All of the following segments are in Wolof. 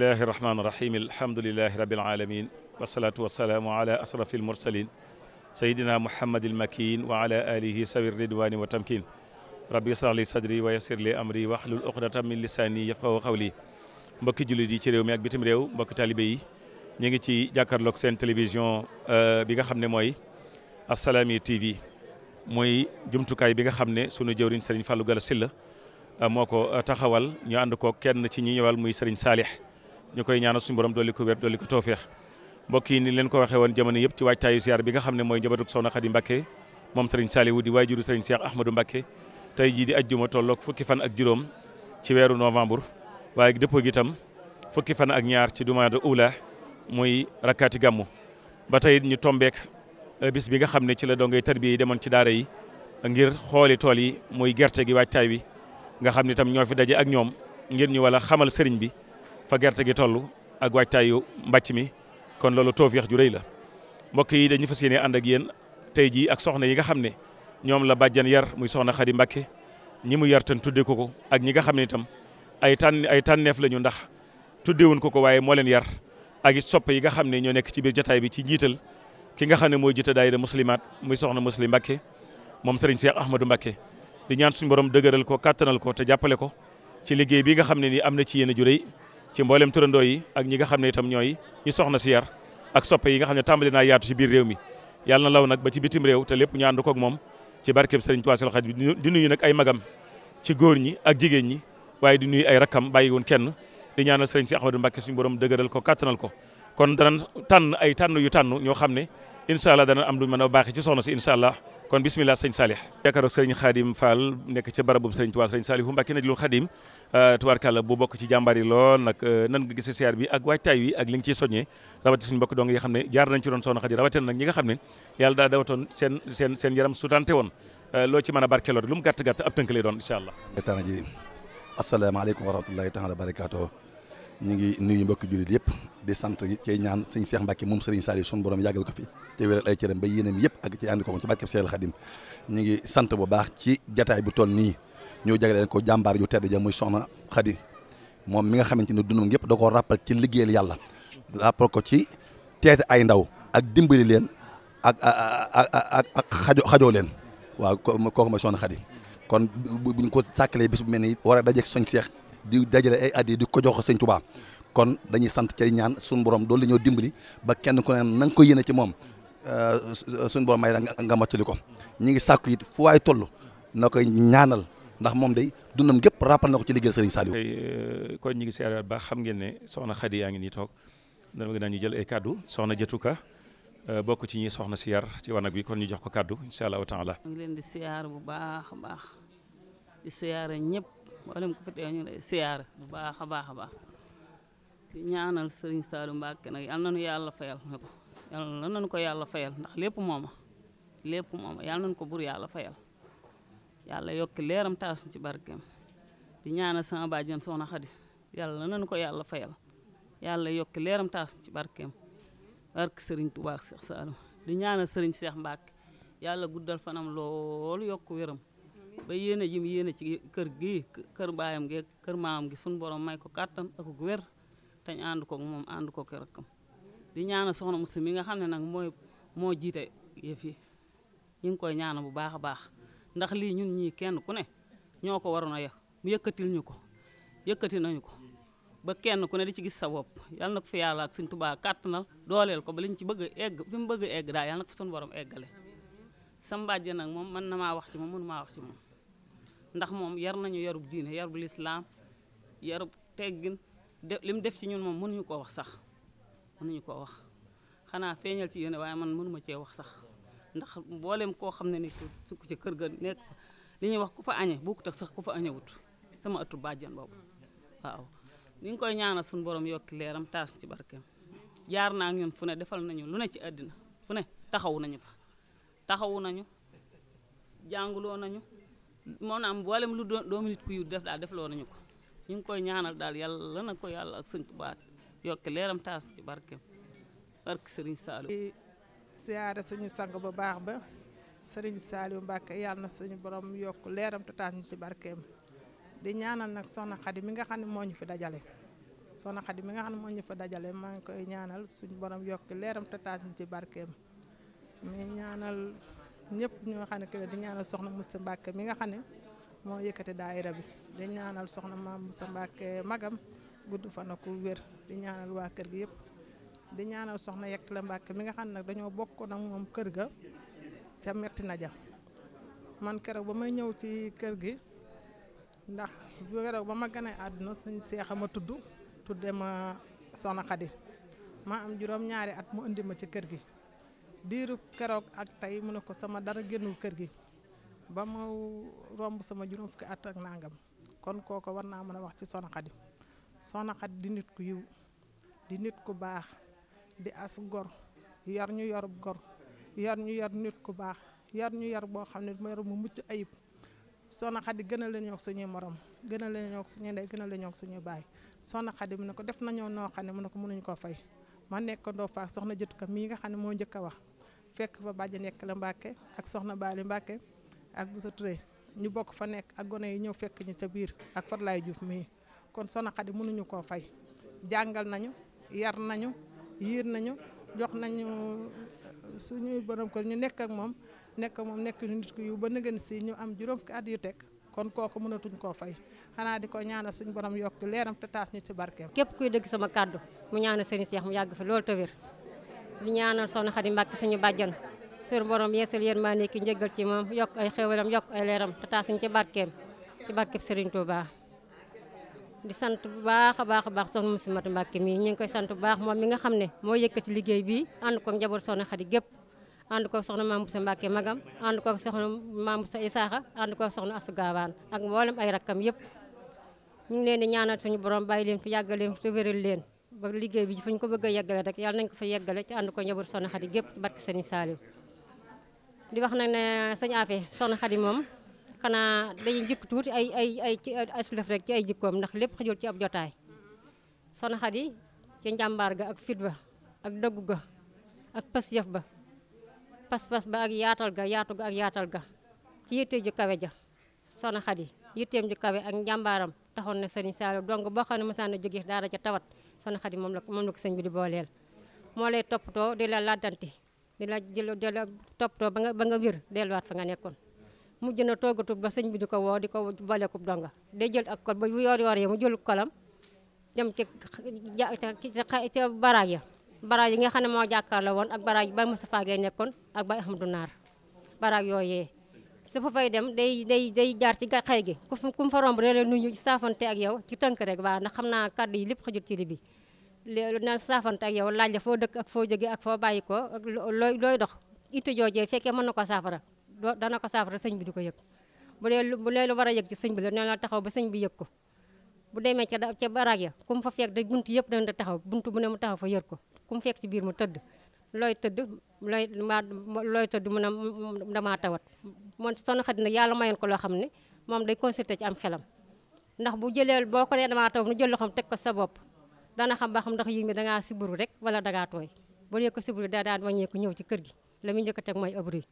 bismillahi rahmaani rahim alhamdulilahi rabil alamin wasalaatu wasalaamu ala asrafi almursalin sayidina muhammadil makin wa ala alihi sawi ridwani wa tamkin rabbi israh li sadri wa yassir li amri wahlul uqdatam min lisani yafqahu qawli mbokki jullit yi ci réew mi ak bitim réew mbokki taalibé yi ñu ngi ci jàkkaarloog seen télévision euh, bi nga xam ne mooy Assalaamy TV mooy jumtukaay bi nga xam ne sunu jëwriñ sëriñ Fallou Gala Sylla euh, moo ko euh, taxawal ñu ko kenn ci ñi ñëwal muy sëriñ Saalih ñu koy ñaanal suñu borom dolli ko wér dolli ko toofeex mbokk yi ni leen ko waxee woon jamono yëpp ci waajtaayu siyaar bi nga xam ne mooy njabatuk Soxna Xadi Mbakke moom sëriñ Saaliwu di waajuru sëriñ Cheikh Ahmadou Mbakke tey jii di ajjuma tolloog fukki fan ak juróom ci weeru novembre waaye dëppoo itam fukki fan ak ñaar ci dumaada ula muy rakkaati gàmmu ba tey ñu tombeek eh, bis bi nga xam ne ci la dongay tarbiya yi demoon ci daara yi ngir xooli tool yi mooy gerte gi waajtaay wi nga xam ne itam ñoo fi daje ak ñoom ngir ñu wala xamal sëriñ bi fa gerte gi toll ak waajtaayu mbàcc mi kon loolu tawfeex ju rëy la mbokk yi dañu fas yéene ànd ak yéen tey jii ak soxna yi nga xam ne ñoom la bàjjan yar muy soxna xari Mbàkke ñi mu yar tan tuddee ko ko ak ñi nga xam ne itam ay tànn ay tànneef la ñu ndax tuddewuñ ko ko waaye moo leen yar ak it sopp yi nga xam ne ñoo nekk ci biir jataay bi ci njiital ki nga xam ne mooy jiite daayira muslimaat muy soxna muslim Mbàkke moom sëriñ Cheikh Ahmadou Mbàkke di ñaan suñu borom dëgëral ko kàttanal ko te jàppale ko ci liggéey bi nga xam ne nii am na ci yéen ju rëy ci mboolem turandoo yi ak ñi nga xam ne itam ñooy ñi soxna si yar ak soppe yi nga xam ne tàmbali naa yaatu si biir réew mi yàlla na law nag ba ci bitim réew te lépp ñu kook moom ci barkeb sëriñ Tuubaa Xaadim bi di nuyu nag ay magam ci góor ñi ak jigéen ñi waaye di nuyu ay rakkam bàyyi woon kenn di ñaanal sëriñ si Ahmadou Mbàkke suñu borom dëgëral ko kàttanal ko kon dana tànn ay tànn yu tànn ñoo xam ne incha allah dana am lu mën a baaxee ci soxna si incha allah kon bisimilah sëñ Saalix yaakaaru sëriñ Xaadim Fall nekk ca barabu sëriñ Tuubaa sëriñ Saalixu Mbàkke najlul Xaadim ah, tubaarkàlla bu bokk ci jàmbaar yi lool nag ah, nan nga gisee siyaar bi ak waajtaay wi ak li nga ciy soññee rawatina mbokk dong yi xam ne jaar nañ ci doon soxna Xadi rawatina nag ñi nga xam ne yàlla daa dawatoon seen seen seen yaram sutante woon ah, loo ci mën a barkeeloo lu mu gàtt gàtt ab tënk lay doon incha allah. asalaamaaleykum wa rahmatullahi taala wa barakaatuh ñu ngi nuyu mbokki jullit yëpp di sant cay ñaan sëñ Seex Mbàkke moom sëriñ Saliou sunu borom yàggal ko fi te wéral ay cëram ba yéenam yëpp ak ci ànd ko moom ci barkeb Seexul Xadim ñu ngi sant bu baax ci jataay bu toll nii ñoo jagleen ko jàmbaar ju tedd ja muy soxna Xadi moom mi nga xamante ni dundam yëpp da koo rappal ci liggéeyal yàlla rappal ko ci teete ay ndaw ak dimbali leen ak ak xajo xajoo leen waaw ko mooy soxna Xadi kon buñ ko sàkkalee bis bu mel nii war a dajeeg soñ Seex di dajale ay addi di ko jox ko sëñ Tuubaa kon dañuy sant cay ñaan suñu borom doolu li ñoo dimbali ba kenn ku ne na nga ko yéene ci moom euh, suñu borom may nga mottali ko ñi ngi sàkku it fu waay toll na koy ñaanal ndax moom day dundam gépp rappal na ko ci liggéey Serigne Saliou euh, kon ñi ngi seeraat baax xam ngeen ne soxna Xadi yaa ngi nii toog dama gën a ñuy jël ay kaddu soxna Jatuka euh, bokk ci ñi soxna si yar ci wanag bi kon ñu jox ko kaddu incha allahu taala. ñu ngi leen di siyaar bu baax a mboolem ku fi teew ñu ngi lay siyaare bu baax a baax a baax di ñaanal sëriñ Saliou Mbacke nag yal na nu yàlla fayal ne ko yal ko yàlla fayal ndax lépp mooma lépp mooma yal na ko bur yàlla fayal yàlla yokk leeram taas ci barkeem di ñaanal sama bàjjen soxna Xadi yàlla na ko yàlla fayal yàlla yokk leeram taas ci barkeem barke sëriñ Touba Cheikh Saliou di ñaanal sëriñ Cheikh Mbacke yàlla guddal fanam loolu yokk wéram. ba yéene ji mu yéene ci kër gi kër baayam gi kër maamam gi suñu borom may ko kàttan ak wér tañ ànd kook moom ànd ko ak rakkam di ñaana soxna Muslim mi nga xam ne nag mooy moo jiite yëf ñu ngi koy ñaana bu baax a baax ndax lii ñun ñii kenn ku ne ñoo ko waroon a mu yëkkatil ñu ko yëkkati nañu ko kenn ku ne di ci gis sa bopp yal na ko fi yàlla ak suñ tubaa kàttanal dooleel ko ba liñ ci bëgg a mu bëgg a egg suñu borom eggale sa nag moom mën na maa wax ci moom mënu maa wax ci moom ndax moom yar nañu yarub diine yarub lislaam yarub teggin de li mu def ci ñun moom mënuñu koo wax sax mënuñu koo wax xanaa feeñal ci yéen waaye man mënuma cee wax sax ndax mboolem koo xam ne ni sukk ci kër ga nekk li ñuy wax ku fa añe bokkut teg sax ku fa añewut sama atu bàjjan boobu waaw ni ngi koy ñaanal suñu boroom yokki leeram taas ci barkeem jaar naa ak ñun fu ne defal nañu lu ne ci àddina fu ne taxawu nañu fa taxawu nañu jànguloo nañu maanaam mboolem lu doomu nit ku yiw def daal defloo nañu ko ñu ngi koy ñaanal daal yàlla na ko yàlla ak sëñ ko yokk leeram taas ci barkeem barke Serigne Saliou. di suñu sang bu baax ba Serigne Saliou Mbacke yàlla na suñu borom yokk leeram te taas ñu ci barkeem di ñaanal nag soxna Xadi mi nga xam ne moo ñu fi dajale. soxna Xadi mi nga xam ne moo ñu fa dajale maa ngi koy ñaanal suñu borom yokk leeram te taas ci barkeem mais ñaanal. ñëpp ñoo xam ne que di ñaanal soxna Moussa Mbacke mi nga xam ne moo yëkkati daayira bi di ñaanal soxna maam Moussa Mbacke magam gudd fan ak wér di ñaanal waa kër gi yëpp di ñaanal soxna Yekkale Mbacke mi nga xam ne nag dañoo bokk nag moom kër ga ca metti na ja man keroog ba may ñëw ci kër gi ndax keroog ba ma gane àdduna suñ seexa ma tudd tudde ma soxna Xadi maa am juróom ñaari at mu indi ma ci kër gi diiru keroog ak tey mu ne ko sama dara génnul kër gi ba mu romb sama juróom fukki at ak nangam kon kooko war naa mën a wax ci Soxna Xadi Soxna Xadi di nit ku yiw di nit ku baax di as gor yar ñu yor gor yar ñu yor nit ku baax yar ñu yar boo xam ne yor mu mucc ayib Soxna Xadi gën a la ñoo suñuy morom gën a la ñoo suñuy ndey gën a la ñoo suñuy baay Soxna Xadi mu ne ko def nañoo noo xam ne mu ne ko mënuñ koo fay ma nekk ndoo faak soxna jëtu ko mii nga xam ne moo njëkk a wax fekk fa bàjj nekk la Mbàkke ak soxna Baali Mbàkke ak Boussa Touré ñu bokk fa nekk ak gone yi ñëw fekk ñu ca biir ak Fatlaay Juuf mii kon Soxna Xadi mënuñu koo fay jàngal nañu yar nañu yiir nañu jox nañu euh, su borom kër ñu nekk ak moom nekk moom nekk ñu nit ku yiw ba nëgën si ñu am juróom fukki at yu teg kon kooku mënatuñ koo fay xanaa di ko ñaanal suñu borom yokk leeram te taas ñu ci barkeem. képp kuy dëgg sama kàddu mu ñaanal sëriñ Seex mu yàgg fi loolu te wér di ñaanal soxna Xadi Mbàkke suñu bàjjan suñu borom yeesal yéen maa nekki njëgal ci moom yokk ay xéwalam yokk ay leeram te taasuñ ci barkeem ci barkeem Serigne Touba. di sant bu baax a baax a baax soxna Musimatu Mbàkke mii ñu ngi koy sant bu baax moom mi nga xam ne moo yëkkati liggéey bii ànd ko njaboot soxna Xadi gépp ànd ko soxna Maam Busa Mbàkke magam ànd ko soxna Maam Busa saaxa ànd ko soxna Asu ak mboolem ay rakkam yëpp ñu ngi leen di ñaanal suñu borom bàyyi leen fi yàggal leen fi wéral leen ba liggéey bi fu ñu ko bëgg a yeggale rek yàlla nañ ko fa yeggale ci ànd ko njaboot soxna Xadi gépp barki sëñ Saaliw di wax nag ne sëñ Afe soxna Xadi moom xanaa dañuy tuuti ay ay ay ci ci ay jikkoom ndax lépp xajul ci ab jotaay soxna Xadi ci njàmbaar ga ak fit ba ak dëggu ga ak pas-yëf ba pas-pas ba ak yaatal ga yaatu ga ak yaatal ga ci yitte ju kawe ja soxna Xadi yitteem ju kawe ak njàmbaaram taxoon na sëriñ Saliou dong boo xam ne mësaan na jóge daara ca tawat soxna Xadi moom la moom la ko sëñ bi di booleel moo lay toppatoo di la laatanti di la jël di la toppatoo ba nga ba nga wér delluwaat fa nga nekkoon mujj na toogatul ba sëñ bi di ko woo di ko booleekub donga day jël ak kol ba yoor yoor ya mu jël kolam dem ci ca baraaj ya baraaj yi nga xam ne moo jàkkaarloo woon ak baraaj ba sa Gueye nekkoon ak ba Ahmadou Naar baraaj yooyee su fa dem day day day jaar ci xëy gi ku ku fa romb dina leen nuyu saafante ak yow ci tënk rek waaw ndax xam naa kàddu yi lépp xajul ci li bi na saafante ak yow laaj la foo dëkk ak foo jóge ak foo bàyyi ko looy looy dox di joojee fekkee mën na ko saafara dana ko saafara sëñ bi di ko yëg bu dee bu dee lu war a yëg ci sëñ bi la ne la taxaw ba sëñ bi yëg ko bu demee ca ca baraag ya ku mu fa fekk da bunt yëpp dañ da taxaw bunt bu ne mu taxaw fa yër ko ku mu fekk ci biir mu tëdd looy tëdd looy looy tëdd mu ne damaa tawat moom soxna Xadi nag yàlla mayoon ko loo xam ne moom day consulté ci am xelam ndax bu jëlee boo ko nee damaa taw nu jël loxoom teg ko sa bopp dana xam ba xam ndax yi mi dangaa siburu rek wala dangaa tooy bu dee ko siburu daa daan wàññeeku ñëw ci kër gi la muy njëkk teg mooy ab ruy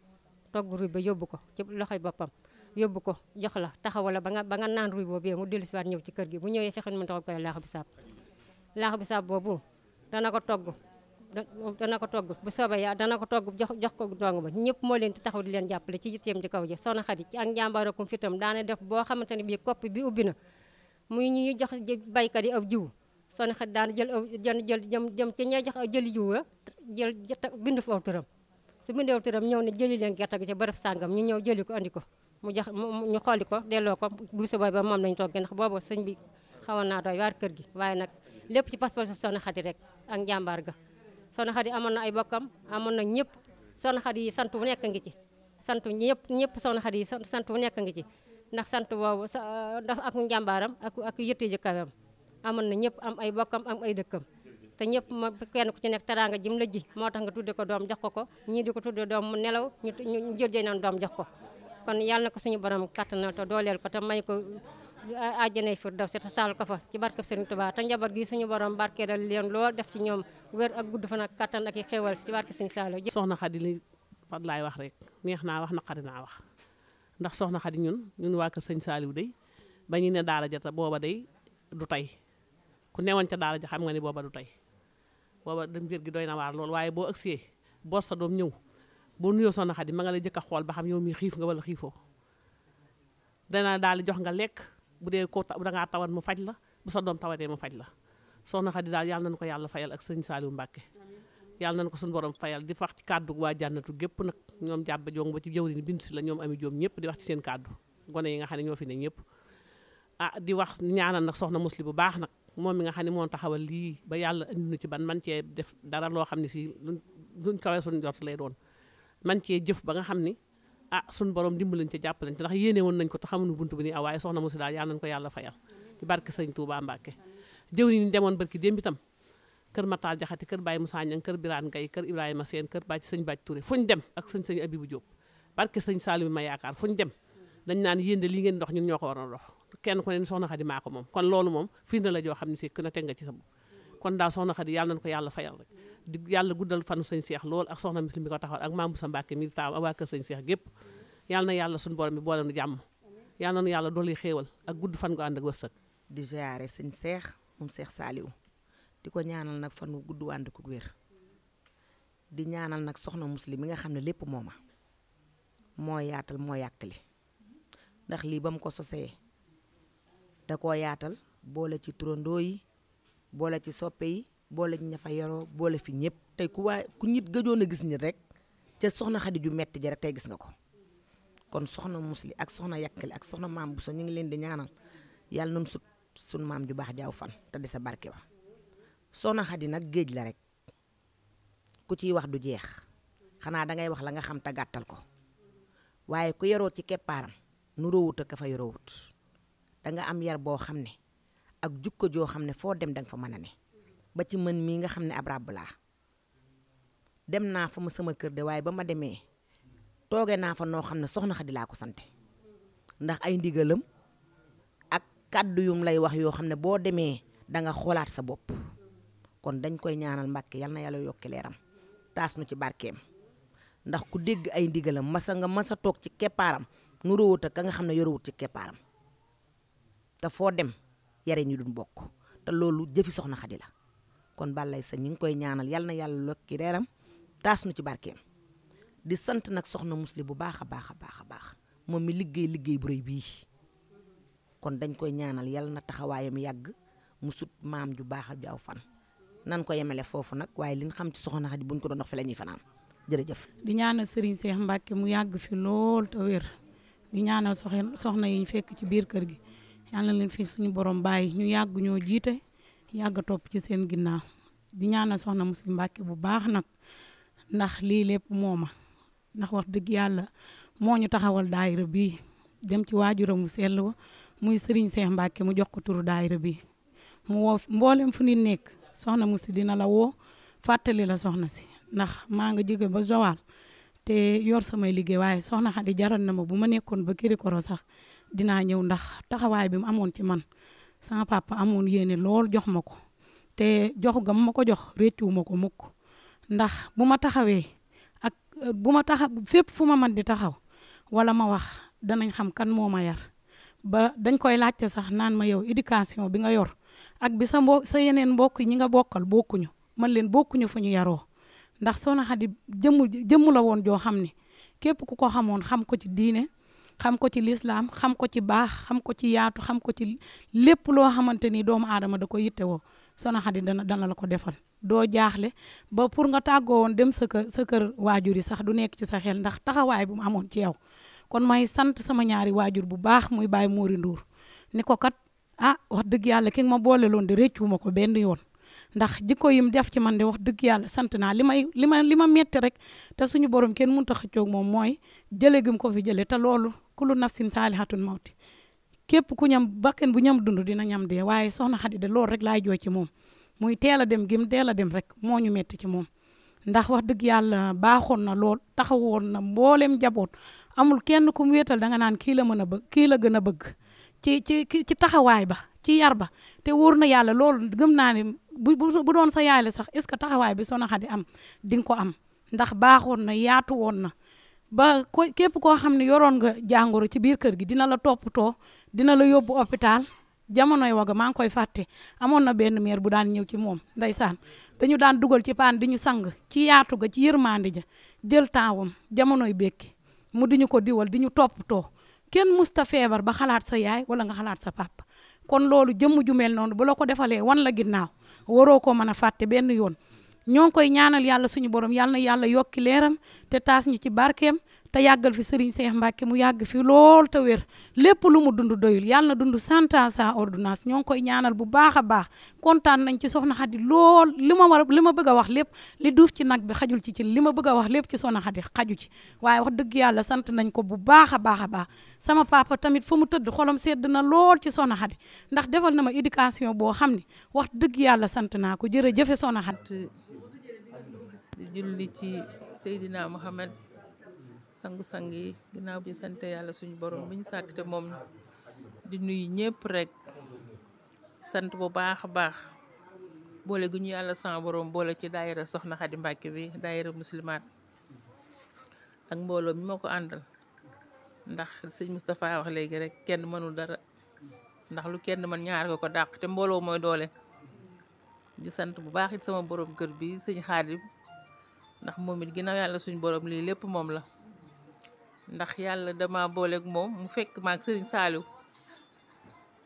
togg ruy ba yóbbu ko ci loxoy boppam yóbbu ko jox la taxawala ba nga ba nga naan ruy boobee mu dellu siwaat ñëw ci kër gi bu ñëwee fexe nu mu taxaw koy laax bi saab laax bi saab boobu dana ko togg dana ko togg bu soobee yaa dana ko togg jox jox ko ndongo ba ñëpp moo leen di taxaw di leen jàppale ci yitteem ji kaw ji soxna Xadi ci ak njàmbaarakum fitam daana def boo xamante ne bii kopp bi na muy ñu jox baykat yi aw jiw soxna Xadi daana jël aw jël jël jëm jëm ci ñay jox aw jëli jiw la jël bindu fa aw turam su bindee aw turam ñëw ne jëli leen gerte gi ci bërëb sàngam ñu ñëw jëli ko andi ko mu jox ñu xooli ko delloo ko bu soobee ba moom lañ togg ndax boobu sëñ bi xawoon naa doy waar kër gi waaye nag lépp ci passeport soxna Xadi rek ak njàmbaar ga soxna yi amoon na ay bokkam amoon na ñëpp soxna Xadi sant bu nekk ngi ci sant ñëpp ñëpp soxna Xadi sant bu nekk ngi ci ndax sant boobu ndax ak njàmbaaram ak ak yëttee jëkkëram amoon na ñëpp am ay bokkam am ay dëkkam te ñëpp ma kenn ku ci nekk teraanga jim la ji moo tax nga tudde ko doom jox ko ko ñii di ko tudde doom mu nelaw ñu jël jëy naan doom jox ko kon yàlla na ko suñu borom kattanal te dooleel ko te may ko àjjanay firdawsi te saal ko fa ci barkeb Sëriñ Tuubaa te njaboot gi suñu borom barkeelal leen lool def ci ñoom wér ak gudd fan ak kattan ak i xéwal ci barke Sëriñ Saaliw soxna Xadi li fat laay wax rek neex naa wax naqari naa wax ndax soxna Xadi ñun ñun waa sëñ Saaliw day ba ñu ne daara ja te booba day du tey ku newoon ca daara ja xam nga ne booba du tey booba dem biir gi doy na waar lool waaye boo agsee bor sa doom ñëw boo nuyoo soxna Xadi ma nga lay jëkk xool ba xam yow mi xiif nga wala xiifoo dana daal di jox nga lekk bu dee ko da ngaa tawat mu faj la bu sa doom tawatee mu faj la soxna Xadi daal yàlla nañu ko yàlla fayal ak sëñ Saliou Mbacke yàlla nañu ko suñu borom fayal di wax ci kàddu waa jànnatu gépp nag ñoom jàbba jong ba ci jawrin bintu si la ñoom ami joom ñëpp di ci seen kàddu gone yi nga xam ne fi ne ñëpp ah di wax ñaanal nag soxna musli bu baax nag moom mi nga xam ne moo taxawal lii ba yàlla indi nu ci ban man cee def dara loo xam ne si luñ kawee suñ jot lay doon man cee jëf ba nga xam ni ah sun borom lañ ca jàppalañ ca ndax yéene woon nañ ko te xamuñu bunt bi ni aw ah, waaye soxna musi daal yaa nañ ko yàlla fayal ci barke sëñ Touba Mbàkke jëw ni demoon barki démb kër Matar Jaxate kër Baye Moussa Niang kër Birane Gaye kër Ibrahima Seen kër bàcc sëñ Bàcc Touré fu ñu dem ak sëñ sëñ Abibou Diop barke sëñ Saliou yaakaar fu dem dañ naan yéen de li ngeen dox ñun ñoo ko waroon dox kenn ku ne soxna Xadi maa ko moom kon loolu moom xam ne si ku ne teg nga kon daal soxna Xadi yàlla nañu ko yàlla fayal rek yàlla guddal fanu sëñ Seex lool ak soxna Muslim bi ko taxawal ak Maam Musa Mbàkke mi taaw waa kër sëñ Seex gépp yàlla na yàlla suñu borom bi boole nu jàmm yàlla nañu yàlla dolli xéewal ak gudd fan gu ànd ak wërsëg di ziyaare sëñ Seex moom Seex Saaliw di ko ñaanal nag fan wu gudd ànd ak ñaanal nag soxna Muslim mi nga xam ne lépp mooma moo yaatal moo li ndax lii ba mu ko sosee da koo yaatal boole ci turandoo yi boole ci soppe yi boole ci ña fa yaroo boole fi ñëpp tey ku waa ku nit gëjoon a gis nit rek ca soxna xadi ju metti ja rek tey gis nga ko kon soxna musli ak soxna yàkkali ak soxna maam bu sa ñu ngi leen di ñaanal yàlla nun sut sun maam ju baax jaaw fan te di sa barke wa soxna xadi nag géej la rek ku ciy wax du jeex xanaa dangay wax la nga xam te gàttal ko waaye ku yaroo ci keppaaram nu roowut ak ka fa yaroowut danga am yar boo xam ne ak jukko joo xam ne foo dem danga fa man a ne ba ci mën mii nga xam ne ab ràbb laa dem naa fa ma sama kër de waaye ba ma demee tooge naa fa noo xam ne soxna Xadi laa ko sante ndax ay ndigalam ak kàddu yum lay wax yoo xam ne boo demee danga xoolaat sa bopp kon dañ koy ñaanal Mbàkke yal na yàlla yokki leeram taas nu ci barkeem ndax ku dégg ay ndigalam masa nga masa toog ci keppaaram nu róowut ak nga xam ne yorowut ci keppaaram te foo dem yare ñu duñ bokk te loolu jëfi soxna Xadi la kon Balaye sa ñi ngi koy ñaanal yal na yàlla lokki reeram taas nu ci barkeem di sant nag soxna musli bu baax a baax a baax a baax moom mi liggéey liggéey bu rëy bii kon dañ koy ñaanal yal na taxawaayam yàgg mu sut maam ju baax a jaaw fan nan ko yemale foofu nag waaye li xam ci soxna Xadi buñ ko doon dox fi la ñuy fanaan jërëjëf. di ñaanal Serigne Cheikh Mbacke mu yàgg fi lool te wér di ñaanal soxna yi fekk kër gi. yàlla leen fi suñu borom baay ñu yàgg ñoo jiite yàgg topp ci seen ginnaaw di ñaan ñaanal soxna mu si Mbàkke bu baax nag ndax lii lépp moo ma ndax wax dëgg yàlla moo ñu taxawal daayira bi dem ci waajuram mu sell wa muy Serigne Cheikh Mbacke mu jox ko turu daayira bi mu woo mboolem fu ni nekk soxna mu si dina la woo fàttali la soxna si ndax maa nga jóge ba Joal te yor samay liggéey waaye soxna Xadi jaral na ma bu ma nekkoon ba Kirikoro sax dinaa ñëw ndax taxawaay bi mu amoon ci man sama papa amoon yéene lool jox ma ko te jox gam ma ko jox réccu ma ko mukk ndax bu ma taxawee ak euh, bu ma taxa fépp fu ma man di taxaw wala ma wax danañ xam kan moo ma yar ba dañ koy laajte sax naan ma yow éducation bi nga yor ak bi sa mbo sa yeneen mbokk ñi nga bokkal bokkuñu man leen bokkuñu fu ñu yaroo ndax Soxna Xadi jëmm jëmm la woon joo xam ne képp ku ko xamoon xam ko ci diine xam ko ci lislaam xam ko ci baax xam ko ci yaatu xam ko ci lépp loo xamante ni doomu aadama da ko yittewoo Soxna Xadi dana dana la ko defal doo jaaxle ba pour nga tàggoo woon dem sa kër sa kër waajur yi sax du nekk ci sa xel ndax taxawaay bu mu amoon ci yow kon may sant sama ñaari waajur bu baax muy Baye Moori Ndour ni ko kat ah wax dëgg yàlla ki ma boole loon di réccu ko benn yoon ndax jikko yim def ci man de wax dëgg yàlla sant naa li may li li ma metti rek te suñu borom kenn mënut a xëccoo moom mooy jële gim ko fi jële te loolu kullu nafsin saalihatun mawti képp ku ñam bakken bu ñam dund dina ñam de waaye soxna Xadi de loolu rek lay jooy ci moom muy teel a dem gim teel a dem rek moo ñu metti ci moom ndax wax dëgg yàlla baaxoon na lool woon na mbooleem jaboot amul kenn ku mu wéetal danga naan kii la mën a bëgg kii la gën a bëgg ci ci ci taxawaay ba ci yar ba te na yàlla loolu gëm naa bu bu doon sa yaay la sax est ce que taxawaay bi Soxna Xadi am di ko am ndax baaxoon na yaatu woon na ba ko képp koo xam ne yoroon nga jàngoro ci biir kër gi dina la toppatoo dina la yóbbu hôpital jamonoy waga maa ngi koy fàtte amoon na benn meer bu daan ñëw ci moom ndeysaan dañu daan dugal ci paan di ñu sang ci yaatu ga ci yërmande ja jël taawam jamonoy bekki mu di ñu ko diwal di ñu toppatoo kenn musta feebar ba xalaat sa yaay wala nga xalaat sa papa kon loolu jëmm ju mel noonu bu la ko defalee wan la ginnaaw waroo ko mën a fàtte benn yoon ñoo ngi koy ñaanal yàlla suñu borom yàlla na yàlla yokki leeram te taas ñu ci barkeem te yàggal fi Serigne Cheikh Mbacke mu yàgg fi lool te wér lépp lu mu dund doyul yàlla na dund cent ans sans ordonnance ñoo ngi koy ñaanal bu baax a baax kontaan nañ ci soxna Xadi lool li ma war li ma bëgg a wax lépp li duuf ci nag bi xajul ci ci li ma bëgg a wax lépp ci soxna Xadi xaju ci waaye wax dëgg yàlla sant nañ ko bu baax a baax a baax sama papa tamit fa mu tëdd xolam sedd na lool ci soxna Xadi ndax defal na ma éducation boo xam ni wax dëgg yàlla sant naa ko jërëjëfe soxna Xadi julli ci sangu-sang yi ginnaaw bi sante yàlla suñu borom bi ñu sàkk te moom di nuy ñëpp rek sant bu baax a baax boole gu ñu yàlla sama boroom boole ci daayira soxna Xadi Mbàkke bi daayira muslimaat ak mbooloo mi ma ko àndal ndax sëñ Moustapha wax léegi rek kenn mënul dara ndax lu kenn mën ñaar ko ko dàq te mbooloo mooy doole di sant bu baax it sama borom kër bi sëñ Xaadim ndax moom it ginnaaw yàlla suñu borom lii lépp moom la ndax yàlla dama booleek moom mu fekk maak sëriñ saaliw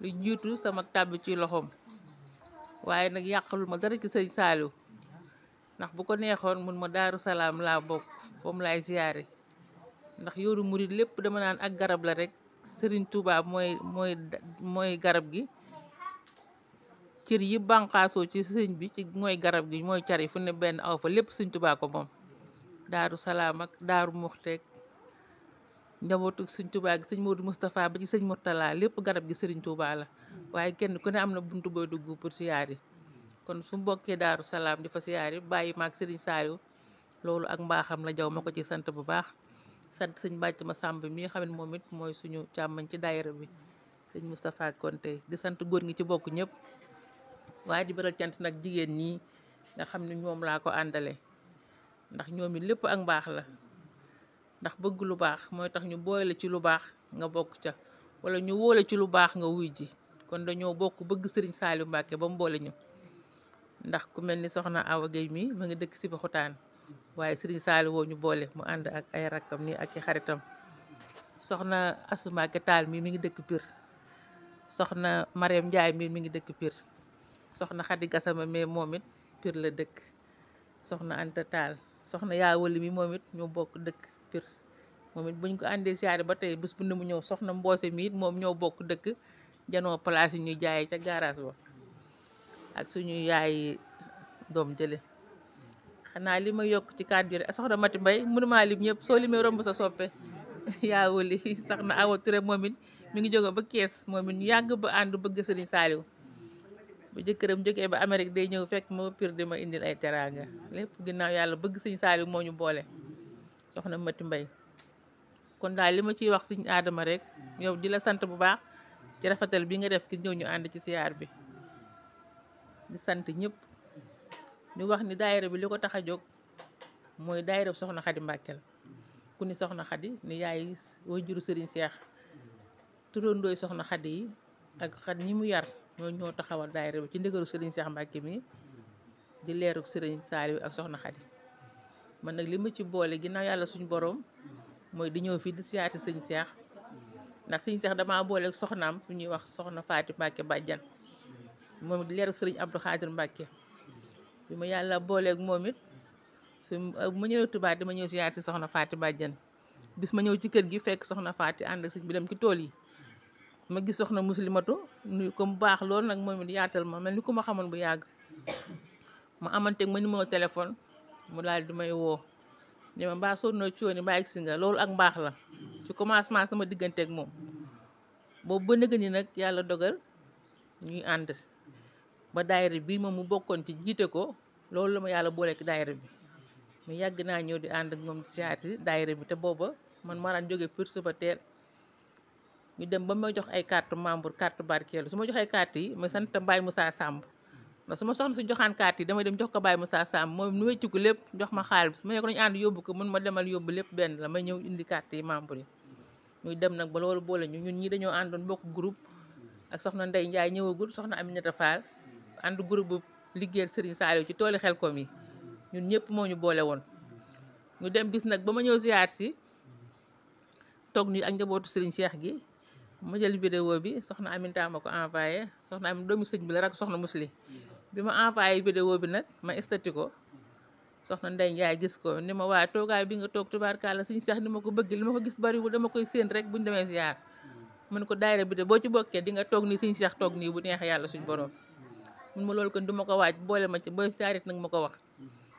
lu jiitu sama tàbbi ci loxoom waaye nag yàqalul ma dara ci sëriñ saaliw ndax bu ko neexoon mun ma daaru salaam laa bokk foom laay ziyaare ndax yoonu murit lépp dama naan ak garab la rekk sëriñ Touba mooy mooy garab gi cër yi bànqaasoo ci sëñ bi ci mooy garab gi mooy cari fu ne benn aw fa lépp sëñ Touba ko moom daaru salaam ak daaru muxteek njabootu sëñ Touba gi sëñ Modou Moustapha ba ci sëñ Mourtala lépp garab gi sëriñ Touba la waaye kenn ku ne am na buntu booy dugg pour siyaar yi kon su bokkee Daaru Salaam di fa siyaar yi bàyyi maak sëriñ Saaliw loolu ak mbaaxam la jaw ma ko ci sant bu baax sant sëñ bàcc ma sàmb mi xam moom it mooy suñu càmmañ ci daayira bi sëñ Moustapha tey di sant góor ngi ci bokk ñëpp waaye di beral cant nag jigéen ñi nga xam ne ñoom laa ko àndale ndax ñoom lépp ak mbaax la ndax bëgg lu baax mooy tax ñu boole ci lu baax nga bokk ca wala ñu wóole ci lu baax nga wuy ji kon dañoo bokk bëgg sëriñ Saliou Mbacke ba mu boole ñu ndax ku mel ni soxna Awa Gueye mii ma ngi dëkk si ba waaye sëriñ Saliou woo ñu boole mu ànd ak ay rakkam ni ak i xaritam soxna Assou Mbacke mii mi ngi dëkk piir soxna Mariam Ndiaye mii mi ngi dëkk piir soxna Khady Gassama mais moom it piir la dëkk soxna Anta Tall soxna Yaawali mi moom it ñu bokk dëkk pir moom it buñ ko àndee siyaare ba tey bés bu ne mu ñëw soxna mboose mi moom ñoo bokk dëkk janoo place yi ñuy jaayee ca garage ba ak suñu yaay doom jële xanaa li ma yokk ci kàddu rek soxna Mati Mbay mënumaa lim ñëpp soo limee romb sa soppe yaa sax na Awa Touré moom it mi ngi jóge ba Kees moom it yàgg ba ànd bëgg Sëriñ Saaliw bu jëkkëram jógee ba Amérique day ñëw fekk ma pir di ma indil ay teraanga lépp ginnaaw yàlla bëgg Sëriñ Saaliw moo ñu soxna Mati Mbay kon daal li ma ciy wax suñu aadama rek yow di la sant bu baax ci rafetal bi nga def ki ñëw ñu ànd ci siyaar bi di sant ñëpp ñu wax ni daayira bi li ko tax a jóg mooy daayira soxna Xadi Mbàkke la ku ni soxna Xadi ni yaay way juru sëriñ Seex turandooy soxna Xadi yi ak xat ñi mu yar ñoo ñoo taxawal dayre bi ci ndigalu sëriñ Seex Mbàkke mi di leeruk sëriñ Saaliw ak soxna Xadi man nag li ma ci boole ginnaaw yàlla suñ borom mooy di ñëw fii di siyaati sëñ Seex ndax sëñ Seex damaa booleek ak soxnaam fu ñuy wax soxna Faati Mbàkke Bàjjan moom it leeru sëriñ Abdou Mbàkke bi ma yàlla booleek moom it su euh, ma ñëwee Tuubaa dama ñëw siyaati si soxna Faati Bàjjan bis ma ñëw ci kër gi fekk soxna Faati ànd ak sëñ bi dem ci tool yi ma gis soxna muslimatu nuyu ko mu baax loolu nag moom it yaatal ma mel ni ko ma xamoon bu yàgg ma amante ma numéro téléphone mu daal di may woo ne ma mbaa sonnoo cóoni mbaa egsi nga loolu ak mbaax la ci commencement sama diggante ak moom boobu ba nëgë nag yàlla dogal ñuy ànd ba daayira bi moom mu bokkoon ci jiite ko loolu la ma yàlla booleek daayira bi mu yàgg naa ñëw di ànd ak moom di siyaasi daayira bi te booba man maa daan jóge pour suba teel ñu dem ba ma jox ay carte membre carte barkeelu su ma joxee carte yi ma sant Mbaye Moussa Samb ndax su ma soxna si joxaan kaat yi damay dem jox ko Baye Moussa Sam moom nu wecciku lépp jox ma xaalis su ma nekk nañu ànd yóbbu ko mën ma demal yóbbu lépp benn la may ñëw indi kaat yi yi muy dem nag ba loolu boole ñu ñun ñi dañoo àndoon bokk groupe ak soxna Ndey Njaay ñëwagul soxna Aminata Fall ànd groupe bu liggéeyal Serigne Saliou ci tooli Xelkom yi ñun ñëpp moo ñu boole woon ñu dem bis nag ba ma ñëw ziar si toog ñu ak njabootu Serigne Cheikh gi mu jël vidéo bi soxna Aminta ma ko envoyé soxna Amin doomu sëñ bi la rek soxna Musli bi ma envoyé vidéo bi nag ma estati ko soxna Ndey Njaay gis ko ni ma waaye toogaay bi nga toog tubaarkàlla suñu sax ni ma ko bëgg li ma ko gis bariwul dama koy séen rek buñ demee ziar mun ko daayira bi de boo ci bokkee di nga toog nii suñu sax toog nii bu neexee suñ borom mun ma loolu kon du ma ko waaj boole ma ci booy saarit nag ma ko wax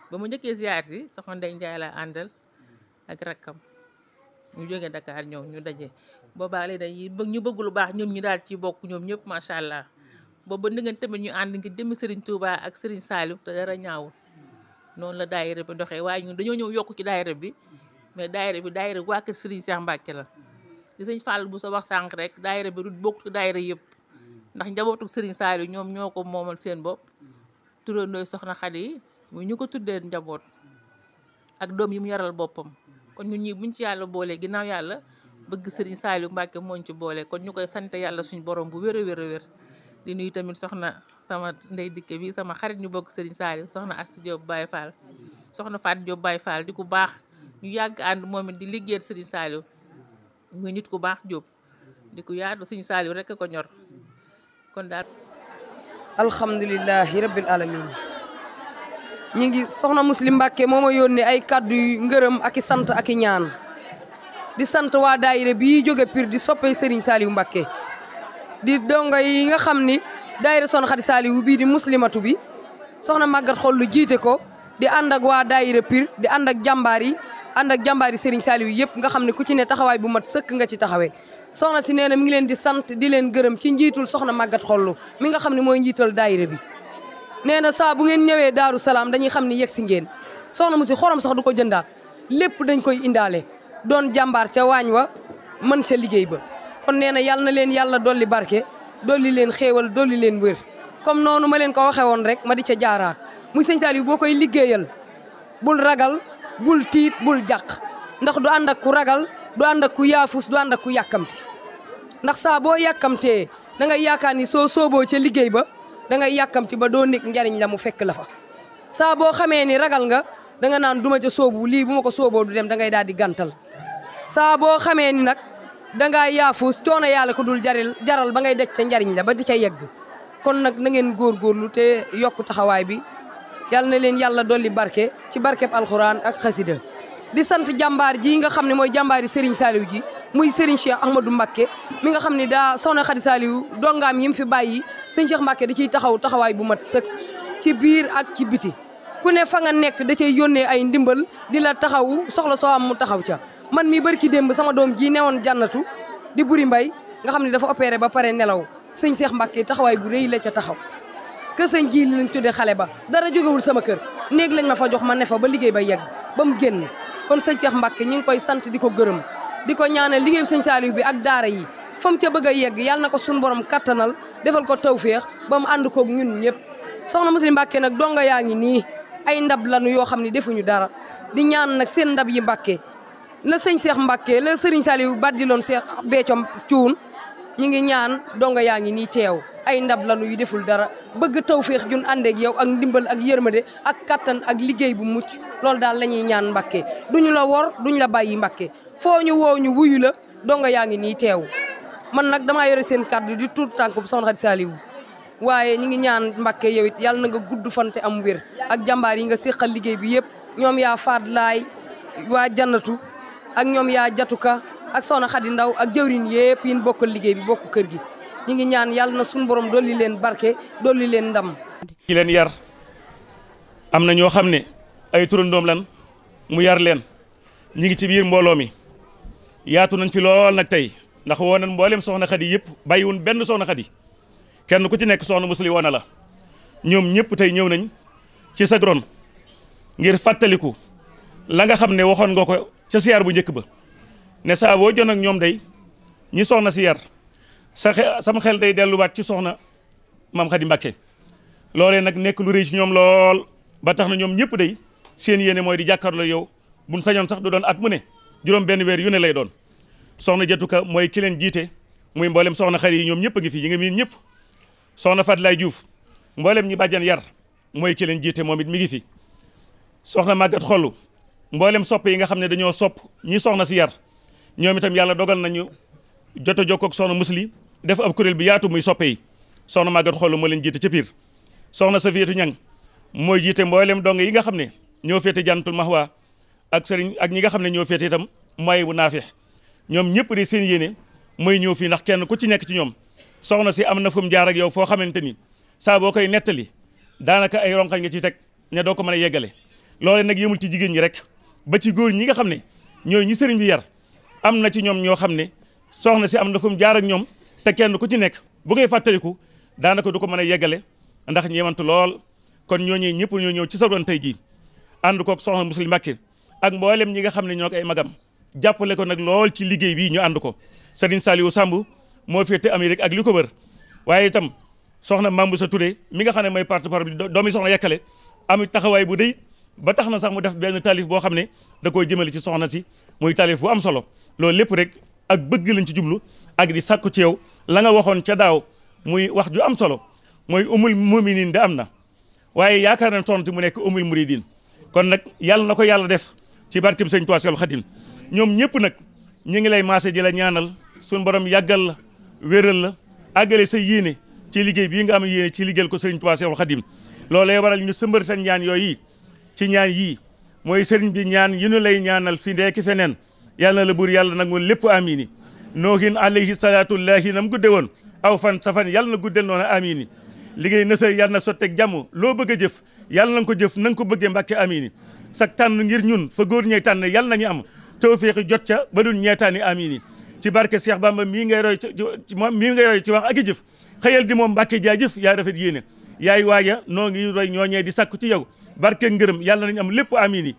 ba mu njëkkee ziar si soxna Ndey Njaay laa àndal ak rakkam ñu jógee Dakar ñëw ñu daje boobaa léegi dañuy bëgg ñu bëgg lu baax ñoom ñu daal ci bokk ñoom ñëpp macha allah boobu ni ngeen tamit ñu ànd ngi dem Serigne Touba ak Serigne Saliou te dara ñaawul noonu la daayira bi ndoxee waaye ñun dañoo ñëw yokku ci daayira bi mais daayira bi daayira waa kër Serigne Cheikh la sëñ Fall bu sa sànq rek daayira bi bokk ci yëpp ndax njabootu Serigne Saliou ñoom ñoo ko moomal seen bopp turandooy soxna xale yi mu ñu ko tuddee njaboot ak doom yi mu yaral boppam kon ñu ñii buñ ci yàlla boolee ginnaaw yàlla bëgg Serigne Saliou Mbacke mooñ ci boolee kon ñu koy sant yàlla suñu borom bu wér a wér a wér di nuyu tamit soxna sama ndey dikke bi sama xarit ñu bokk Serigne Saliou soxna Assa Diop baay Fall soxna Fatou Diop Baye Fall di ku baax ñu yàgg ànd moom di liggéeyal Serigne Saliou muy nit ku baax Diop di ku yaatu Serigne Saliou rek ko ñor kon daal. alhamdulilahi rabbil alamin ñi ngi soxna Muslim Mbàkke moo ma yónnee ay kàddu yu ngërëm ak i sant ak i ñaan di sant waa daayira bii jóge Pire di soppee Serigne Saliou Mbàkke di dongo yi nga xam ni daayira son Xadi Saaliwu bii di muslimatu bi soxna màggat xool jiite ko di ànd ak waa daayira Pire di ànd ak jàmbaar yi ànd ak jàmbaari Serigne Saliou yëpp nga xam ne ku ci ne taxawaay bu mat sëkk nga ci taxawee soxna si nee na mi ngi leen di sant di leen gërëm ci njiitul soxna màggat xollu mi nga xam ne mooy njiital daayira bi nee na saa bu ngeen ñëwee daaru salaam dañuy xam ni yegg si ngeen soxna mu si xorom sax du ko jëndaat lépp dañ koy indaale doon jàmbaar ca waañ wa mën ca liggéey ba kon nee na yàlla na leen yàlla dolli barke dolli leen xéewal dolli leen wér comme noonu ma leen ko waxee woon rek ma di ca jaaraat mu sëñ Saliou boo koy liggéeyal bul ragal bul tiit bul jàq ndax du ànd ak ku ragal du ànd ak ku yaafus du ànd ak ku yàkkamti ndax saa boo yàkkamtee da ngay yaakaar ni soo sooboo ca liggéey ba dangay ngay yàkkamti ba doo nekk njariñ la mu fekk la fa saa boo xamee ni ragal nga danga naan duma ca soobu lii bu ma ko sooboo du dem da ngay daal di gàntal dangaa yaafuus coono yàlla ko dul jaril jaral ba ngay daj sa njariñ la ba di ca yegg kon nag na ngeen góor góorgóorlu te yokku taxawaay bi yal na leen yàlla dolli barke ci barkeb alxuraan ak xasida di sant jàmbaar ji nga xam ne mooy jàmbaari Serigne Saliou ji muy Serigne Cheikh Ahmadou Mbacké mi nga xam ni daa soxna Khady Saliou dongam yi mu fi bàyyi sëñ Cheikh Mbacké di ciy taxaw taxawaay bu mat sëkk ci biir ak ci biti ku ne fa nga nekk da cay yónnee ay ndimbal di la taxaw soxla soo am mu taxaw ca man mi bërki démb sama doom ji newoon jànnatu di buri mbay nga xam ne dafa opéré ba pare nelaw sëñ Cheikh Mbacké taxawaay bu rëy la ca taxaw que sëñ ji lañ tuddee xale ba dara jógewul sama kër néeg lañ ma fa jox ma ne fa ba liggéey ba yegg ba mu génn kon sëñ Cheikh Mbacké ñi ngi koy sant di ko gërëm di ko ñaanal liggéey sëñ Saliou bi ak daara yi fa mu ca bëgg a yegg yàlla na ko suñu borom kattanal defal ko tawféex ba mu ànd koog ñun ñëpp soxna Muslim Mbacké nag donga yaa ngi nii ay ndab lanu yoo xam ne defuñu dara di ñaan nag seen ndab yi mbakke la sëñ Seex Mbàkke la sëriñ Saliou baddiloon Seex Béthio Thioune ñu ngi ñaan donga yaa ngi nii teew ay ndab lanu yu deful dara bëgg tawféex jun ànd ak yow ak ndimbal ak yërmande ak kattan ak liggéey bu mucc loolu daal la ñuy ñaan du ñu la wor duñu la bàyyi Mbàkke foo ñu woo ñu wuyu la donga yaa ngi nii teew man nag damaa yore seen kàddu di tuur tànku bu soxna Xadi Saliou waaye ñi ngi ñaan Mbàkke yow it yàlla na nga gudd fante am wér ak jàmbaar yi nga séqal liggéey bi yëpp ñoom yaa faat waa janatu ak ñoom yaa jatuka ak soxna Xadi Ndaw ak jëwriñ yëpp yin bokkal liggéey bi bokk kër gi ñi ngi ñaan yàlla na suñu borom dolli leen barke dolli leen ndam ki leen yar am na ñoo xam ne ay turandoom lan mu yar leen ñi ngi ci biir mbooloo mi yaatu nañ fi lool na tey ndax woo nañ mbooleem soxna Xadi yëpp bàyyiwun benn soxna Xadi kenn ku ci nekk soxna musuli woon la ñoom ñëpp tey ñëw nañ ci sa ron ngir fàttaliku la nga xam ne waxoon nga ko ca siyaar bu njëkk ba ne saa boo jon ak ñoom day ñi soxna si yar sa sam xel day delluwaat ci soxna maam Khady Mbacké loolee nag nekk lu rëy ci ñoom lool ba tax na ñoom ñëpp day seen yéene mooy di jàkkaarloo yow buñ sañoon sax du doon at mu ne juróom benn weer yu ne lay doon soxna jatuka mooy ki leen jiite muy mboolem soxna xarit yi ñoom ñëpp a ngi fi yi ñëpp soxna Fatou lay Diouf mboolem ñi bàjjan yar mooy ki leen jiite moom it mi ngi fi soxna Maguette Xollu mboolem sopp yi nga xam ne dañoo sopp ñi soxna si yar ñoom itam yàlla dogal nañu jot a jokkoo ak soxna def ab kuréel bi yaatu muy soppe yi soxna Maguette Xollu moo jiite ca biir soxna Safiyatu Ñang mooy jiite mboolem dong yi nga xam ne ñoo féete jantul mahwa ak sëriñ ak ñi nga xam ne ñoo féete itam mooy bu naafix ñoom ñëpp de seen yéene mooy ñëw fii ndax kenn ku ci nekk ci ñoom soxna si am na fu mu jaar ak yow foo xamante ni saa boo koy nettali daanaka ay ronkañ nga ci teg ne doo ko mën a yeggale loole nag yëmul ci jigéen ñi rek ba ci góor ñi nga xam ne ñooy ñi sëriñ bi yar am na ci ñoom ñoo xam ne soxna si am na fu mu ñoom te kenn ku ci nekk bu koy fàttaliku daanaka du ko mën a yeggale ndax ñeewantu lool kon ñooñu ñëpp ñoo ñëw ci sa tey jii ànd kook soxna Muslim Mbacké ak mbooleem ñi nga xam ne ñoo ko ay magam jàppale ko nag lool ci liggéey bii ñu ànd ko Serigne Saliou Samb moo féete rek ak li ko wër waaye itam soxna Mambousa Touré mi nga xam ne mooy parte parole bi doomi soxna Yakkale am taxawaay bu déy ba tax na sax mu def benn taalif boo xam ne da koy jëmale ci soxna si muy taalif bu am solo loolu lépp rek ak bëgg lañ ci jublu ak di sàkku ci yow la nga waxoon ca daaw muy wax ju am solo mooy umul muminin da am na waaye yaakaar na soxna si mu nekk umul muridin kon nag yàlla na ko yàlla def ci barkeb sëñ Tuubaa Seexul Xadim ñoom ñëpp nag ñu ngi lay maase di ñaanal suñu borom yàggal la wéral la àggale sa yéene ci liggéey bii nga am yéene ci liggéeyal ko sëriñ Tuubaa Seexul Xadim loolee waral ñu sëmbër seen ñaan yooyu ci ñaan yii mooy sëriñ bi ñaan yi ñu lay ñaanal si ndeeki feneen yàlla na la buur yàlla nag woon lépp amini noohin alayhi salaatullahi nam gudde woon aw fan safan yàlla na guddel noonu amini liggéey na sa yàlla na sotteeg jàmm loo bëgg jëf yàlla na nga ko jëf na nga ko bëggee mbàkke amini sag tànn ngir ñun fa góor ñey tànn yàlla nañu am tawféexi jot ca ba ñeetaani amini ci barke Cheikh Bamba mii ngay mii ngay roy ci wax ak i jëf xëyal di moom Mbàkke jaajëf yaa rafet yéene yaay waaja noo ngi roy ñooñee di sakku ci yow barke ngërëm yàlla nañu am lépp amiin yi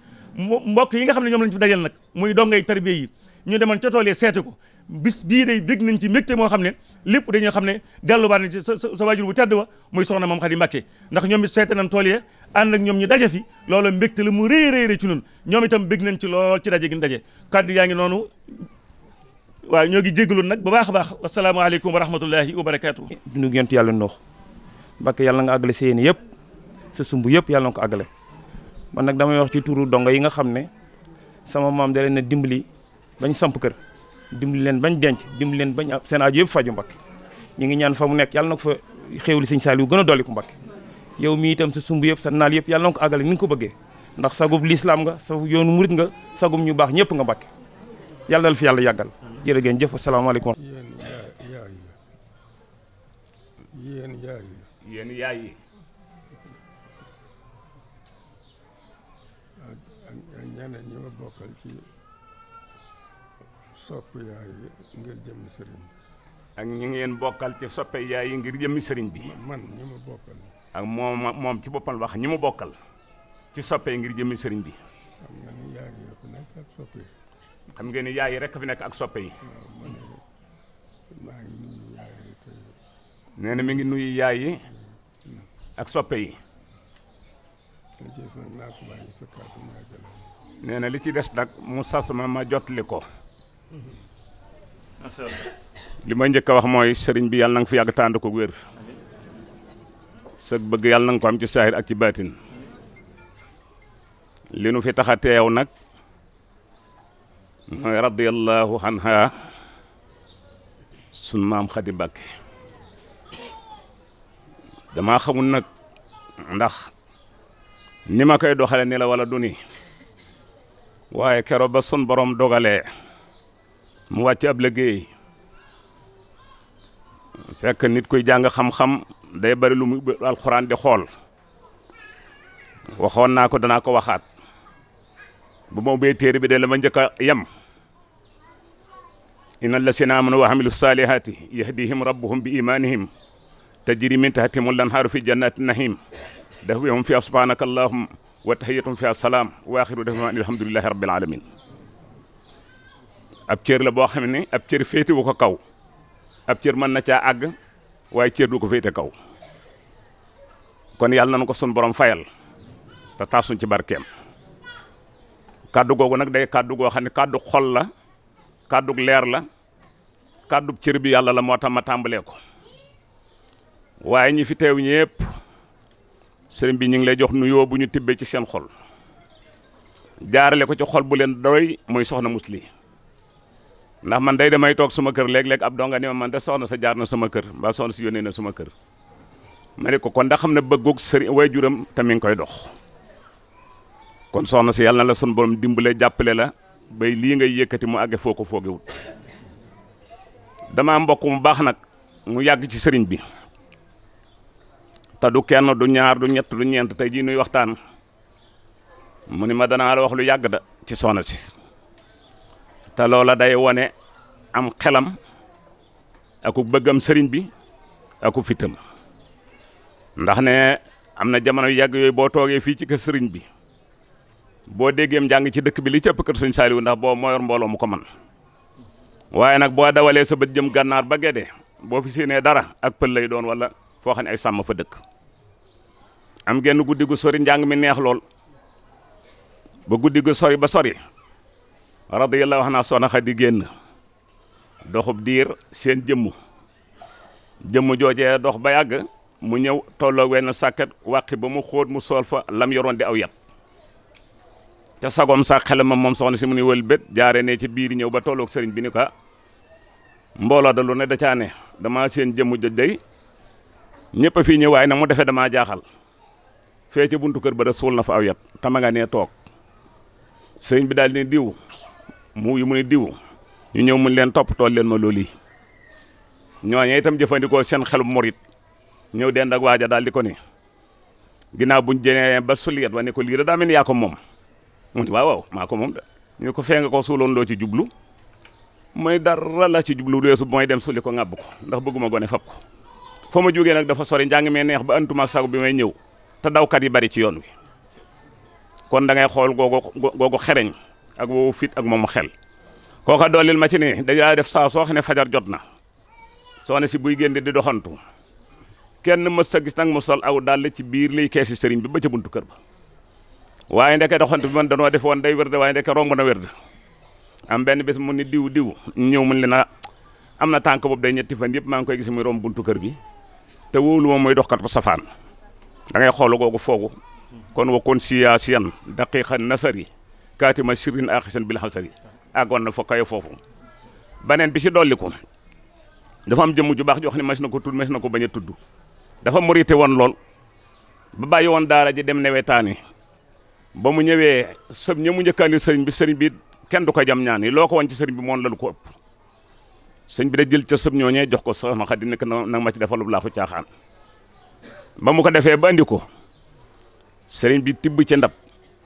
mbokk yi nga xam ne ñoom lañ fi dajal nag muy dongay tarbiya yi ñu demoon tool yi seeti ko bis bii day bég nañ ci mbégte moo xam ne lépp dañoo xam ne delluwaat nañ ci sa sa waajur bu tedd wa muy soxna moom Xadi Mbàkke ndax ñoom it seeti nañ tool yi ànd ak ñoom ñu daje fi loolu mbégte la mu réy réy ci ñun ñoom itam bég nañ ci lool ci daje gi ñu daje kàddu yaa ngi noonu waa ñoo ngi jégalu nag bu baax a baax wasalaamaaleykum wa rahmatullahi wa barakaatu. dundu yonent yàlla noox Mbàkke yàlla nga àggale sa yéene yëpp sa sumb yëpp yàlla nga ko àggale man nag damay wax ci turu dongo yi nga xam ne sama maam da leen dimbali bañ samp kër dimbali leen bañ denc dimbali leen bañ seen aajo yëpp faju Mbàkke ñu ngi ñaan fa mu nekk yàlla na ko fa xéewli Sëñ Saaliw gën a dolli ko Mbàkke yow mi itam sa sumb yëpp sa naal yëpp yàlla nga ko àggale ni nga ko bëggee ndax sagub lislaam nga sa yoonu murit nga sagub ñu baax ñëpp nga Mbàkke yàlla dal fi yàlla yàggal jërë ngeen jëf asalaamaaleykum. yéen yaay yi yaay yi. yéen yaay yi. ak ak ñeneen ñi ma bokkal ci sopp yaay yi ngir jëmmi bokkal ci soppe yaay yi ngir jëmmi sëriñ bi. man ñi ma bokkal. ak moom moom ci boppam wax ñi ma bokkal. ci soppe ngir jëmmi sëriñ bi. xam nga yaay yi ku nekk ak soppe. xam ngeen ni yaay yi rek fi nekk ak soppe yi. nee na mi ngi nuyu yaay ak soppe yi. nee na li ci des nag mu sas ma ma jotli ko. li may njëkk a wax mooy sëriñ bi yàlla na fi yàgg tànd ko wér. sëg bëgg yàlla na nga ko am ci saahir ak ci baatin. li nu fi tax a teew nag. mooy radiyallahu anha sun maam Xadi Mbàkke damaa xamul nag ndax ni ma koy doxale ni la wala du waaye keroo ba sun boroom dogalee mu wàcc ab liggéey fekk nit kuy jàng xam-xam day bari lu mu alxuraan di xool waxoon naa ko danaa ko waxaat bu ma ubbee téere bi de la ma njëkk a yem inna allasina amanu wa amilu salihati yahdihim rabbuhum bi imanihim tajri min tahtihim lanhaaru fi jannati nahim dahwihum fiha subhanaka allahum wa tahiyatum fiha salaam wa axiru dahwihum an alhamdulilahi rabbil alamin ab cër la boo xam ne ab cër féete wu ko kaw ab cër mën na caa àgg waaye cër du ko féete kaw kon yàlla nañu ko sun borom fayal te taasuñ ci barkeem kàddu googu nag day kàddu goo xam ne kàddu xol la kàddu leer la kàddu cër bi yàlla la moo tax ma tàmbalee ko waaye ñi fi teew ñépp sëriñ bi ñu ngi lay jox nuyoo bu ñu tibbee ci seen xol jaarale ko ci xol bu leen doy muy soxna musli ndax man day damay toog suma kër léeg-léeg ab donga ne ma man de soxna sa jaar na sama kër mbaa soxna si yónnee na suma kër ma ne ko kon da xam ne bëggug sëriñ waajuram te mi koy dox kon soxna si yàlla na la sun borom dimbale jàppale la bay lii ngay yëkkati mu àgge foo ko foogewut dama mbokk mu baax nag mu yàgg ci sëriñ bi te du kenn du ñaar du ñett du ñeent tey jii nuy waxtaan mu ni ma danaa la wax lu yàgg da ci soxna si te loola day wane am xelam aku bëggam sëriñ bi aku fitam ndax ne am na jamono yàgg yooyu boo toogee fii ci kër sëriñ bi boo déggeem njàng ci dëkk bi li ci ëpp kër sëñ Saaliwu ndax boo moo yor mbooloo mu ko man waaye nag boo dawalee sa bët jëm gànnaar ba gedee boo fi séenee dara ak pël lay doon wala foo xam ne ay sàmm fa dëkk am genn guddi gu sori njàng mi neex lool ba guddi gu sori ba sori radiyallahu anha soxna di génn doxub diir seen jëmm jëmm joojee dox ba yàgg mu ñëw tolloo wenn sàkket wàqi ba mu xóot mu sool fa lam yoroon di aw yat ca sagoom sa xelam ma moom soxna si mu ni wëlbét jaare ne ci biir ñëw ba tolloog sëriñ bi ni ko mbooloo da lu ne da caa damaa seen jëmmu joj day ñëpp a fii ñëw waaye nag mu defee damaa jaaxal fee ca buntu kër ba da suul na fa aw yat tama nga nee toog sëriñ bi daal di diw mu yu mu ne diw ñu ñëw mun leen toppatoo leen ma loolu yi ñooñee itam jëfandikoo seen xelum murit ñëw dend ak waaja daal di ko ni ginnaaw buñ jënee ba suliet wane ko lii da daa mel yaa moom mu ne waaw waaw maa ko moom de ñu ko fee nga ko suuloon loo ci jublu mooy dara la ci jublu su mooy dem suli ko ŋàbb ko ndax bëgguma gone fab ko foo ma jógee nag dafa sori njàng mee neex ba antumaak sago bi may ñëw te dawkat yi bari ci yoon wi kon da ngay xool googu googu xereñ ak woowu fit ak moomu xel kooka doolil ma ci ni dajaa def saa soo xam ne fajar jot na soo ne si buy génn di doxantu kenn mës sa gis nag mu sol aw dàll ci biir liy keesi sëriñ bi ba ca buntu kër ba waaye ndeke doxant bi man danoo def woon day wérde waaye ndeke romb na wérde am benn bés mu ni diw diw ñëw mu ne na am na tànk boobu day ñetti fan yëpp maa ngi koy gis muy romb buntu kër bi te wóolu moom muy doxkat bu safaan da ngay xoolu googu foogu kon wa kon siyaasiyan daqiqa nasari kaatima sirrin axisan bil xasari àggoon na fok kayo foofu baneen bi si dolli ko dafa am jëm ju baax jox xam ne mas na ko tudd mas na ko bañ a tudd dafa morité woon lool ba bàyyi woon daara ji dem newetaani ba mu ñëwee sëb ña mu njëkkaandi sëriñ bi sëriñ bi kenn du ko jam ñaan yi loo ko wan ci sëriñ bi moom lañu ko ëpp sëñ bi da jël ca sëb ñooñee jox ko soxna Xadi nekk nag ma ci defal lu laaxu caaxaan mu ko defee ba ko sëriñ bi tibb ci ndab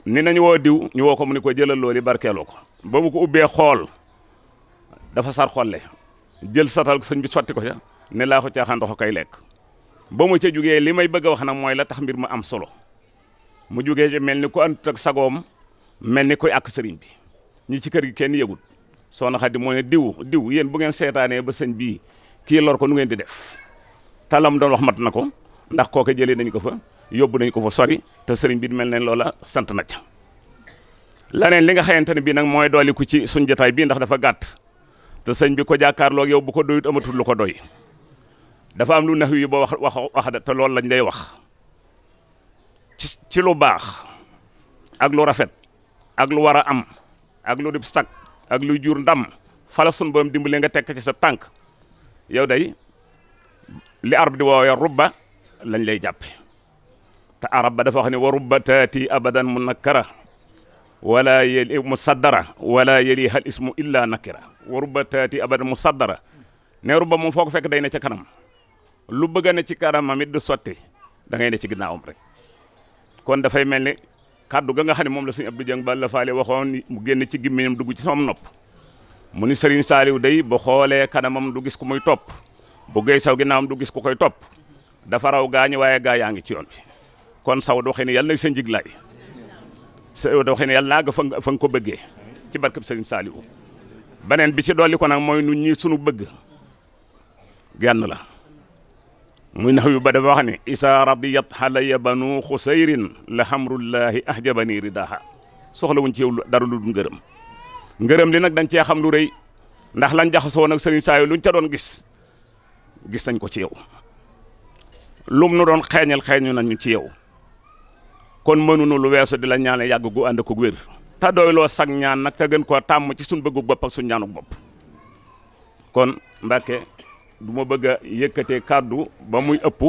ni nañu woo diw ñu woo ko mu ne ko jëlal loolu barkeeloo ko ba mu ko ubbee xool dafa sar xolle jël satal sëñ bi sotti ko ca ne laa ko caaxaan dox koy lekk ba mu ca jugee li may bëgg a wax nag mooy la tax mbir ma am solo mu jugee ci mel ni ko àndut ak sagoom mel ni koy ak sëriñ bi ñi ci kër gi kenn yëgut soo Xadi moo ne diw diw yéen bu ngeen seetaanee ba sëñ bii kii lor ko nu ngeen di def talam doon wax mat na ko ndax kooke jëlee nañ ko fa yóbbu nañ ko fa sori te sëriñ bi mel ne loola sant na ca laneen li nga xayante ne bii nag mooy dooliku ci suñ jotaay bii ndax dafa gàtt te sëñ bi ko jàkkaarloog yow bu ko doyut amatul lu ko doy dafa am lu nax yi boo wax loolu lañ lay wax ci lu baax ak lu rafet ak lu war a am ak lu dib sag ak lu jur ndam fala sun borom dimbalee nga tekk ci sa tànk yow day li arab di woowee rubba lañ lay jàppe te arab ba dafa wax ne wa rubba taati abadan munakkara wala yeli musaddara wala yeli hal ismu illa nakira wa rubba taati abadan musaddara ne rubba moom foo ko fekk day ne ca kanam lu bëgg a ne ci kanamam it du sotti da ngay ne ci ginnaawam rek kon dafay mel ni kàddu ga nga xam ne moom la sëñ Abdou Dieng Balla Faali waxoon mu génn ci gémmiñam dugg ci sama nopp mu ni Serigne Saliou day bu xoolee kanamam du gis ku muy topp bu gey saw ginnaawam du gis ku koy topp dafa raw gaañu waaye gaa yaa ngi ci yoon bi kon saw doxee ne yàlla na sa njiglaay saw doxee ne yàlla naa nga fa nga ko bëggee ci barkab Serigne Saliou beneen bi ci dolli ko nag mooy nu ñi sunu bëgg genn la muy nax yu ba dafa wax ne isa radiyat xalaya banu xusayrin la xamrullaahi ahjabani ridaha soxla wuñ ci yow dara lu dul ngërëm ngërëm li nag dañ cee xam lu rëy ndax lañ jaxasoo nag sëriñ saa yi luñ ca doon gis gis nañ ko ci yow lum nu doon xeeñal xeeñu nañu ci yow kon mënunu lu weesu di la ñaan yàgg gu ànd ko wér te doyloo sag ñaan nag te gën koo tàmm ci suñ bëggu bopp ak suñ ñaanuk bopp kon Mbàkke duma ma bëgg a yëkkatee kàddu ba muy ëpp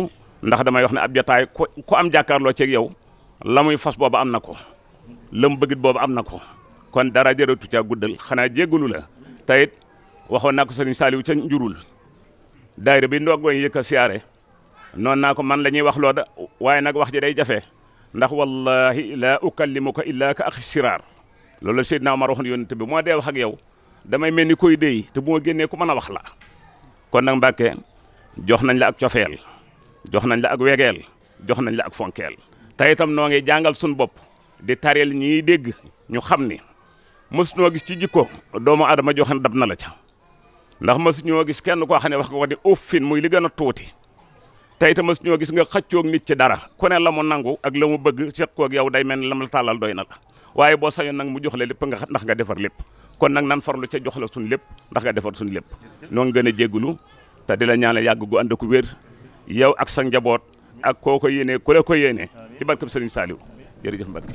ndax damay wax ne ab jataay ku ku am jàkkaarloo ceeg yow la muy fas booba am na ko la mu bëggit booba am na ko kon dara jëratu caa guddal xanaa jéggalu la tayit waxoon naa ko sëriñ Saaliw ca njurul daayira bi ndongo yi yëkka siyaare noonu naa ko man la ñuy wax loo da waaye nag wax ji day jafe ndax wallahi laa ukallimuka illaa ka axi siraar loolu Seydina Omar waxoon yonent bi moo dee wax ak yow damay mel ni koy déy te bu génnee ku mën a wax la kon nag Mbàkke jox nañ la ak cofeel jox nañ la ak wegeel jox nañ la ak fonkeel te itam noo ngi jàngal suñu bopp di tareel ñiy dégg ñu xam ni mësuñoo gis ci jikko doomu aadama joxe dab na la ca ndax mësuñoo gis kenn koo xam ne wax nga ko ni uffin muy li gën a tuuti te itam mësuñoo gis nga xëccoog nit ci dara ku la mu nangu ak la mu bëgg seq koog yow day mel ni lam la tàllal doy na la waaye boo sañoon nag mu jox la lépp nga ndax nga defar lépp kon nag nan farlu ca jox la lépp ndax nga defar suñ lépp noo ngi gën a jéggulu te di la ñaanal yàgg gu ànd wér yow ak sa njaboot ak kooko ko yéenee ku la ko yéenee ci barkeb Sëriñ Saaliw jërëjëf Mbacke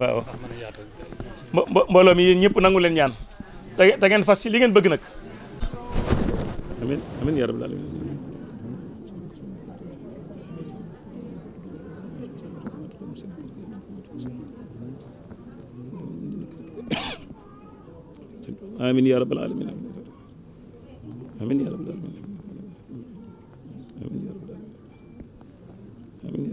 waaw mbooloo mi yéen ñëpp nangu leen ñaan te ngeen fas ci li ngeen bëgg nag amin ya rabbal alamin amin ya rabbal alamin amin ya rabbal alamin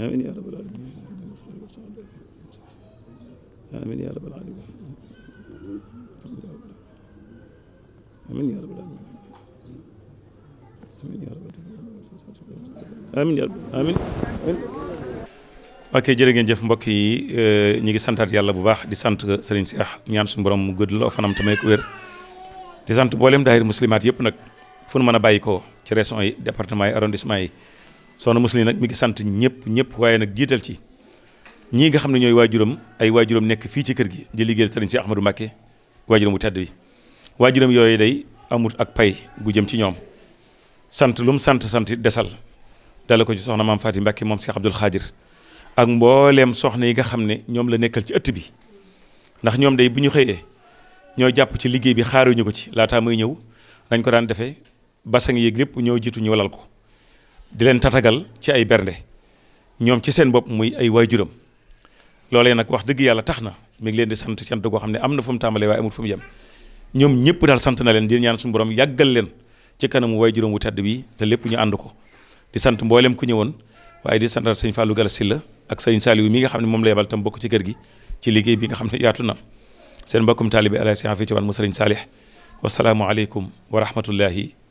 amin ya rabbal alamin amin ya rabbal alamin amin ya rabbal alamin amin ya rabbal alamin amin ya rabbal alamin amin ok jërë ngeen jëf mbokk yi euh, ñu ngi santaat yàlla bu baax di sant Serigne Cheikh ñaan suñu borom mu gëdd loo fanam tamay ko wér di sant boolem daahir muslimaat yëpp nag fu nu mën a bàyyi ko ci régions yi département yi arrondissement yi soxna muslim nag mi ngi sant ñëpp ñëpp waaye nag jiital ci ñii nga xam ne ñooy waajuram ay waajuram nekk fii ci kër gi di liggéeyal Serigne Cheikh Ahmadou Mbacké waajuram bu tedd bi waajuram yooyu day amut ak pay gu jëm ci ñoom sant lu mu sant sant desal dala ko ci soxna maam Faati Mbacké moom Cheikh Abdoul Khadir ak mbooleem soxna yi nga xam ne ñoom la nekkal ci ëtt bi ndax ñoom day bu ñu xëyee ñoo jàpp ci liggéey bi xaaruñu ko ci laataa muy ñëw dañ ko daan defee basang yeeg lépp ñoo jiitu ñu walal ko di leen tatagal ci ay bernde ñoom ci seen bopp muy ay waajuram loolee nag wax dëgg yàlla tax na mi leen di sant sant goo xam ne am na fu mu tàmbalee waaye amul fu mu yem sant na leen di ñaan suñu borom yàggal leen ci kanamu waajuram wu tedd bi te lépp ñu ànd ko di sant mboolem ku ñëwoon waaye di santal sëñ Fallou Gala la ak sëñ Saliou mi nga xam ne moom la yebal tam bokk ci kër gi ci liggéey bi nga xam ne yaatu na seen mbokkum taalibe Alaaji Hafiz Tiwaan mu sëriñ Saalih wasalaamualeykum wa rahmatullahi